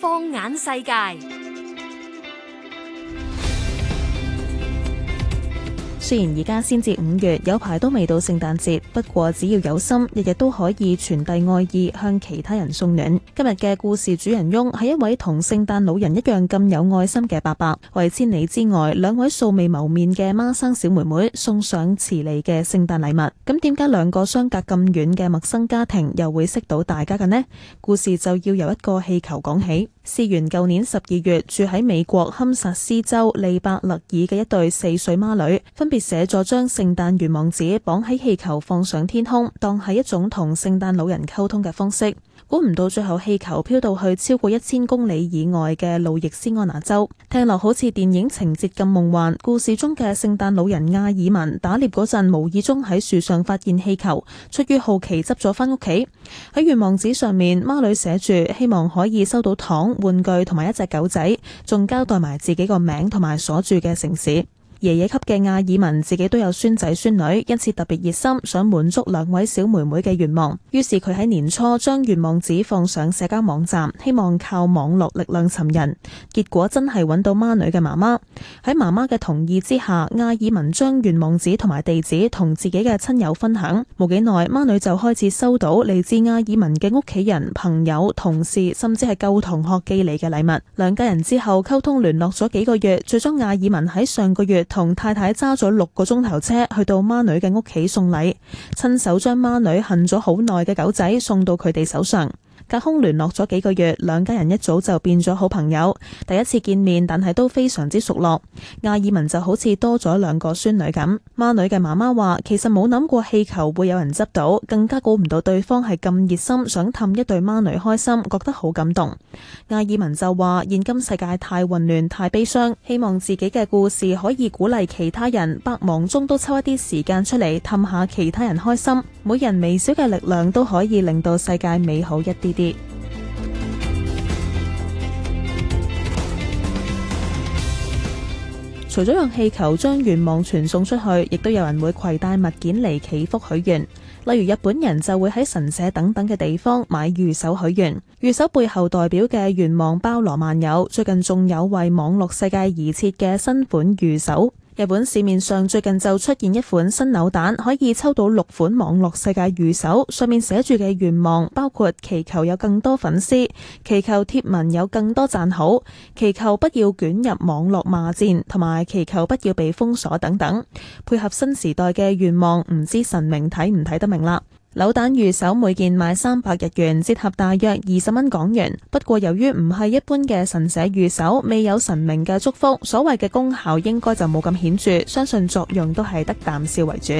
放眼世界。雖然而家先至五月，有排都未到聖誕節，不過只要有心，日日都可以傳遞愛意，向其他人送暖。今日嘅故事主人翁係一位同聖誕老人一樣咁有愛心嘅爸爸，為千里之外兩位素未謀面嘅孖生小妹妹送上遲嚟嘅聖誕禮物。咁點解兩個相隔咁遠嘅陌生家庭又會識到大家嘅呢？故事就要由一個氣球講起。事源舊年十二月，住喺美國堪薩斯州利伯勒爾嘅一對四歲孖女，分別寫咗張聖誕願望紙，綁喺氣球放上天空，當係一種同聖誕老人溝通嘅方式。估唔到最後氣球飄到去超過一千公里以外嘅路易斯安那州，聽落好似電影情節咁夢幻。故事中嘅聖誕老人亞爾文打獵嗰陣，無意中喺樹上發現氣球，出於好奇執咗返屋企。喺願望紙上面，孖女寫住希望可以收到糖、玩具同埋一隻狗仔，仲交代埋自己個名同埋所住嘅城市。爺爺級嘅阿爾文自己都有孫仔孫女，因此特別熱心，想滿足兩位小妹妹嘅願望。於是佢喺年初將願望紙放上社交網站，希望靠網絡力量尋人。結果真係揾到孖女嘅媽媽。喺媽媽嘅同意之下，阿爾文將願望紙同埋地址同自己嘅親友分享。冇幾耐，孖女就開始收到嚟自阿爾文嘅屋企人、朋友、同事，甚至係舊同學寄嚟嘅禮物。兩家人之後溝通聯絡咗幾個月，最終阿爾文喺上個月，同太太揸咗六個鐘頭車去到孖女嘅屋企送禮，親手將孖女恨咗好耐嘅狗仔送到佢哋手上。隔空聯絡咗幾個月，兩家人一早就變咗好朋友。第一次見面，但係都非常之熟絡。亞爾文就好似多咗兩個孫女咁。孖女嘅媽媽話：其實冇諗過氣球會有人執到，更加估唔到對方係咁熱心，想氹一對孖女開心，覺得好感動。亞爾文就話：現今世界太混亂、太悲傷，希望自己嘅故事可以鼓勵其他人，百忙中都抽一啲時間出嚟氹下其他人開心，每人微小嘅力量都可以令到世界美好一啲啲。除咗用氣球將願望傳送出去，亦都有人會攜帶物件嚟祈福許願。例如日本人就會喺神社等等嘅地方買御守許願，御守背後代表嘅願望包羅萬有。最近仲有為網絡世界而設嘅新款御守。日本市面上最近就出現一款新扭蛋，可以抽到六款網絡世界御守。上面寫住嘅願望包括祈求有更多粉絲，祈求貼文有更多讚好，祈求不要捲入網絡罵戰，同埋祈求不要被封鎖等等。配合新時代嘅願望，唔知神明睇唔睇得明啦。扭蛋御守每件賣三百日元，折合大約二十蚊港元。不過由於唔係一般嘅神社御守，未有神明嘅祝福，所謂嘅功效應該就冇咁顯著，相信作用都係得啖笑為主。